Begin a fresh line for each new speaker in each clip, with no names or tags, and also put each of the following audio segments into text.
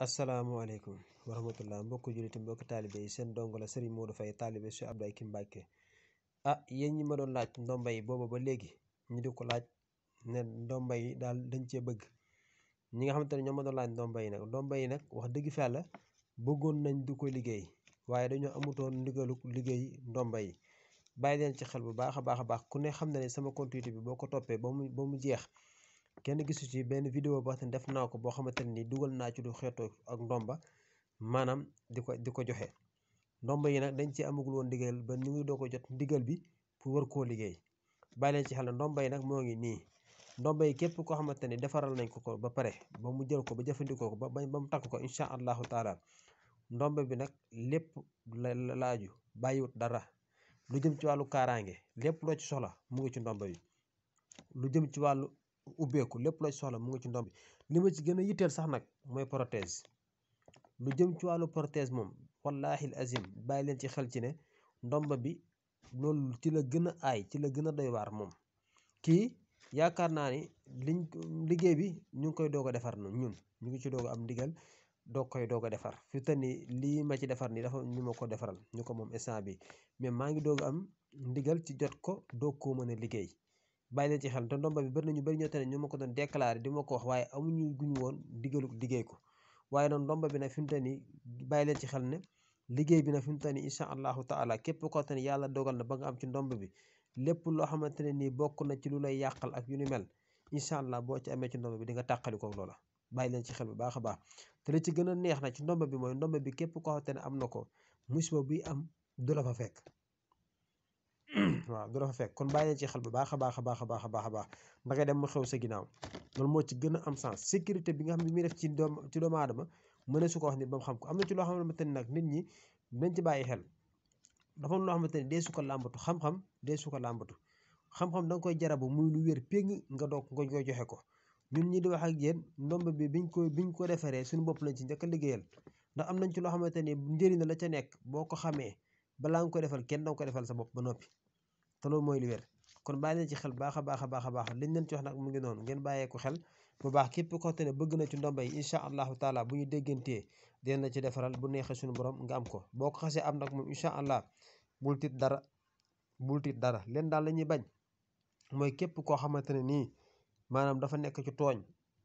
asalaamaaleykum wa rahmatullah mbokk jullit mbokk taalibe yi seen dong la Serigne moo Faye taalibe su Abdoulaye Kim Mbacké ah yéen ñi ma doon laaj ndomba yi booba ba léegi ñu di ko laaj ne ndomba yi daal dañ cee bëgg ñi nga xamante ne ñoo ma doon laaj ndomba yi nag ndomba yi nag wax dëgg fa yàlla bëggoon nañ di ko liggéey waaye dañoo amutoon ndigalu liggéey ndomba yi bàyyi leen ci xel bu baax a baax a baax ku ne xam na ne sama compte bi boo ko toppee ba mu mu jeex kenn gisu ci benn vidéo boo xam ne def naa ko boo xamante ni dugal naa ci lu xeetoo ak ndomba maanaam di ko di ko joxe ndomba yi nag dañ ci amagul woon ndigal ba ñu doo ko jot ndigal bi pour war koo liggéey bàyyi leen ci xel ndomba yi nag moo ngi nii ndomba yi képp koo xamante defaral nañ ko ko ba pare ba mu jël ko ba jëfandikoo ko ba ba mu takk ko incha allahu taala ndomba bi nag lépp la laaju bàyyiwut dara lu jëm ci wàllu kaaraange lépp loo ci soxla mu ngi ci ndomba bi lu jëm ci wàllu ubbeeku lépp loo ci soxla mu ngi ci ndomb bi li ma ci gën a yitteel sax nag mooy prothèse lu jëm ci wàllu prothèse moom wallaahi azim bàyyi leen ci xel ci ne ndomba bi loolu ci la gën a aay ci la gën a doy waar moom kii yaakaar naa ni liñ liggéey bi ñu ngi koy doog a defar noonu ñun ñu ngi ci doog am ndigal doog koy doog a defar fi te ni lii ma ci defar nii dafa ñu ma ko defaral ñu ko moom instant bi mais maa ngi doog am ndigal ci jot ko doo koo mën a liggéey bàyyi leen ci xel te ndomba bi bari nañu ñu bari ñoo te ne ma ko doon déclaré di ma ko wax waaye amuñu guñu woon diggalu liggéey ko waaye noonu ndomba bi nag fi mu toll nii bàyyi leen ci xel ne liggéey bi nag fi mu toll nii incha allahu taala képp koo te ne yàlla dogal na ba nga am ci ndomb bi lépp loo xamante ne nii bokk na ci lu lay yàqal ak yu ni mel incha allah boo ci amee ci ndomb bi di tàqali tàqalikoo loola bàyyi leen ci xel bu baax a baax te la ci gën a neex na ci ndomba bi mooy ndomba bi képp koo xamante ne am na ko musiba buy am du la fa fekk waaw du dafa fekk kon bàyyi ci xel bu baax a baax a baax a baax a baax a baax ba ngay dem mu xew sa ginnaaw loolu moo ci gën a am sens sécurité bi nga xam ne muy def ci doom ci doomu aadama mën su ko wax nit ba mu xam ko am na ci loo xamante ni nag nit ñi nañ ci bàyyi xel dafa am loo xamante ni dee su ko làmbatu xam-xam dee su ko làmbatu xam-xam da nga koy jarabu muy lu wér péng nga doog nga koy joxe ko ñun ñi di wax ak yéen ndomb bi biñ ko biñ ko defaree suñu bopp lañ ci njëkk a liggéeyal ndax am nañ ci loo xamante ni njëriñ la ca nekk boo ko xamee balaa nga koy defal kenn danga koy defal sa bopp ba noppi te mooy lu kon bàyyi leen ci xel baax a baax a baax a baax liñ leen ci wax nag mu ngi noonu ngeen bàyyee xel bu baax képp koo xam bëgg na ci ndomba yi incha allahu taala bu ñu déggantee dina la ci defaral bu neexee suñu borom nga ko boo ko xasee am nag moom incha allah bul dara bul dara leen daal la ñuy bañ mooy képp koo xamante ne nii maanaam dafa nekk ci tooñ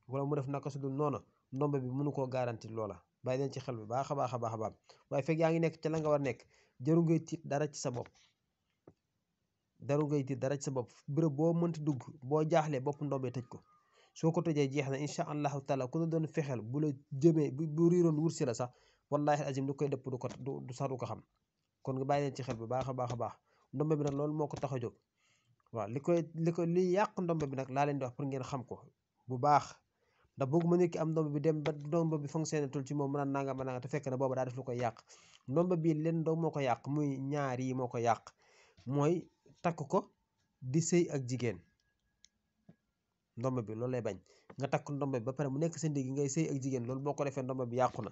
wala mu def naka su dul noonu ndomba bi mënu koo garanti loola bàyyi leen ci xel bu baax a baax a baax a baax waaye fekk yaa ngi nekk ci la nga war nekk jëru ngay dara ci sa bopp daru ngay tiit dara ci sa bopp bërëb boo mënti dugg boo jaaxlee bopp ndombee tëj ko soo ko tëjee jeex na incha allahu taala ku la doon fexeel bu la jëmee bu riiroon si la sax wallahi azim du koy dëpp du ko du sax du ko xam kon nga bàyyi leen ci xel bu baax a baax a baax ndombe bi nag loolu moo ko tax a jóg waaw li koy li li yàq ndombe bi nag laa leen di wax pour ngeen xam ko bu baax ndax bëgg ma nit am ndombe bi dem ba ndombe bi fonctionné tul ci moom mën a nanga ma nanga te fekk na booba daa def lu koy yàq ndombe bii leen doo moo ko yàq muy ñaar yi moo ko yàq mooy takk ko di sëy ak jigéen ndomb bi loolu lay bañ nga takk ndomb bi ba pare mu nekk sa ndigg ngay sëy ak jigéen loolu boo ko defee ndomb bi yàqu na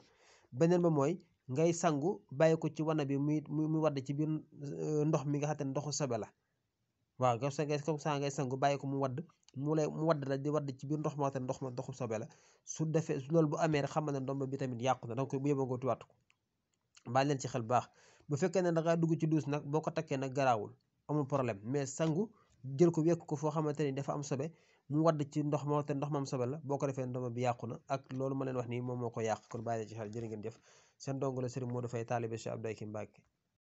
beneen mooy ngay sangu bàyyi ko ci wana bi muy muy wadd ci biir euh, ndox mi nga xam ndoxu sobe la waaw nga sa ngay sangu bàyyi ko mu wadd mu lay mu wadd la di wadd ci biir ndox ma xam te ma ndoxu sobe la su defee loolu bu amee rek xamal ne ndomb bi tamit yàqu na donc bu yeboo nga tuwaat ko bàyyi leen ci xel baax bu fekkee ne da dugg ci duus nag boo ko takkee nag garaawul amul problème mais sangu jël ko wekk ko foo xamante ni dafa am sobe mu wadd ci ndox ma te ndox ma am sobe la boo ko defee ndox ma bi yàqu na ak loolu ma leen wax nii moom moo ko yàq kon bàyyi ci xel jërë ngeen jëf seen dongo la Serigne Modou Faye taalibe Cheikh Abdou ki Mbacké